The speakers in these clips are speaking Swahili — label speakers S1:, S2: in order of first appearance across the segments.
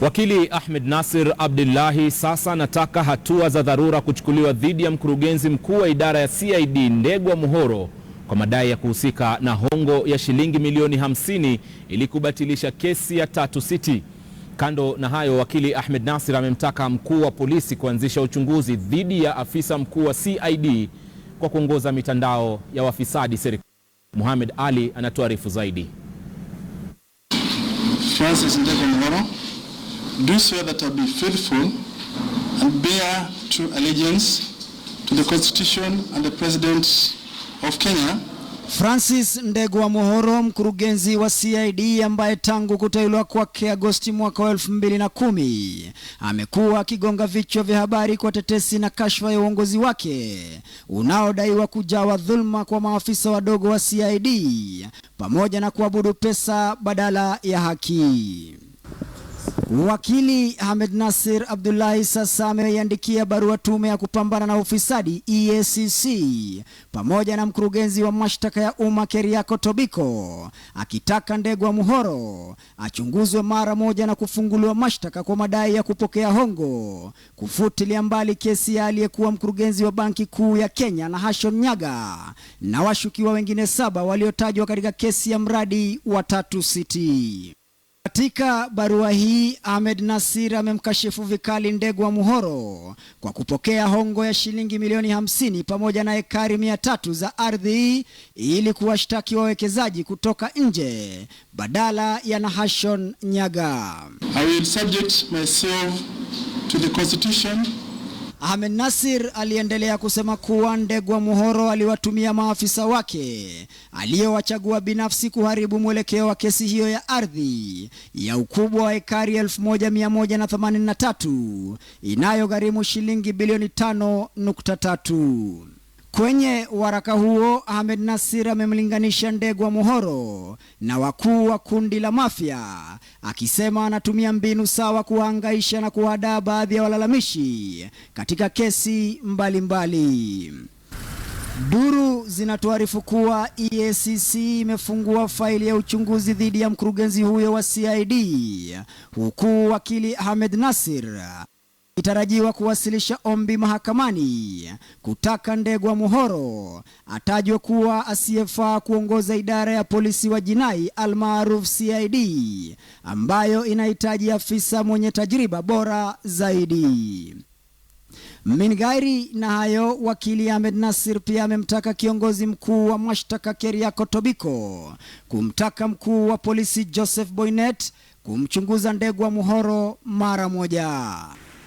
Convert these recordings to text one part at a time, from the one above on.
S1: Wakili Ahmed Nasir Abdullahi sasa anataka hatua za dharura kuchukuliwa dhidi ya mkurugenzi mkuu wa idara ya CID Ndegwa Muhoro kwa madai ya kuhusika na hongo ya shilingi milioni 50 ili kubatilisha kesi ya Tatu City. Kando na hayo, wakili Ahmed Nasir amemtaka mkuu wa polisi kuanzisha uchunguzi dhidi ya afisa mkuu wa CID kwa kuongoza mitandao ya wafisadi serikali. muhamed Ali anatuarifu zaidi.
S2: Francis Ndegwa Muhoro do swear that I will be faithful and bear true allegiance to the Constitution and the President of Kenya.
S3: Francis Ndegwa Mohoro, mkurugenzi wa CID ambaye tangu kuteuliwa kwake Agosti mwaka wa elfu mbili na kumi amekuwa akigonga vichwa vya habari kwa tetesi na kashfa ya uongozi wake unaodaiwa kujawa dhulma kwa maafisa wadogo wa CID pamoja na kuabudu pesa badala ya haki. Wakili Ahmed Nasir Abdullahi sasa ameiandikia barua tume ya kupambana na ufisadi EACC pamoja na mkurugenzi wa mashtaka ya umma Keriako Tobiko akitaka Ndegwa Muhoro achunguzwe mara moja na kufunguliwa mashtaka kwa madai ya kupokea hongo, kufutilia mbali kesi ya aliyekuwa mkurugenzi wa Banki Kuu ya Kenya na Hashon Nyaga na washukiwa wengine saba waliotajwa katika kesi ya mradi wa Tatu City. Katika barua hii Ahmed Nasir amemkashifu vikali Ndegwa Muhoro kwa kupokea hongo ya shilingi milioni hamsini pamoja na ekari mia tatu za ardhi ili kuwashtaki wawekezaji kutoka nje badala ya Nahashon Nyaga.
S2: I will subject myself to the constitution
S3: Ahmed Nasir aliendelea kusema kuwa Ndegwa Muhoro aliwatumia maafisa wake aliyowachagua binafsi kuharibu mwelekeo wa kesi hiyo ya ardhi ya ukubwa wa ekari 1183 inayogharimu shilingi bilioni 5.3. Kwenye waraka huo Ahmed Nasir amemlinganisha Ndegwa Mohoro na wakuu wa kundi la Mafia, akisema anatumia mbinu sawa kuhangaisha na kuhadaa baadhi ya walalamishi katika kesi mbalimbali mbali. Duru zinatuarifu kuwa EACC imefungua faili ya uchunguzi dhidi ya mkurugenzi huyo wa CID huku wakili Ahmed Nasir itarajiwa kuwasilisha ombi mahakamani kutaka Ndegwa Muhoro atajwe kuwa asiyefaa kuongoza idara ya polisi wa jinai almaruf CID ambayo inahitaji afisa mwenye tajriba bora zaidi. Mingairi na hayo, wakili Ahmed Nasir pia amemtaka kiongozi mkuu wa mashtaka Keriako Tobiko kumtaka mkuu wa polisi Joseph Boynet kumchunguza Ndegwa Muhoro mara moja.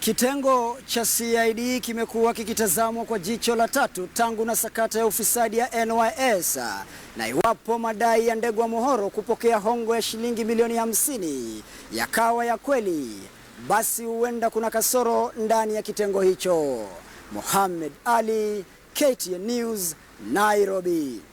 S3: Kitengo cha CID kimekuwa kikitazamwa kwa jicho la tatu tangu na sakata ya ufisadi ya NYS na iwapo madai ya Ndegwa Mohoro kupokea hongo ya shilingi milioni hamsini yakawa ya kweli, basi huenda kuna kasoro ndani ya kitengo hicho. Mohamed Ali, KTN News, Nairobi.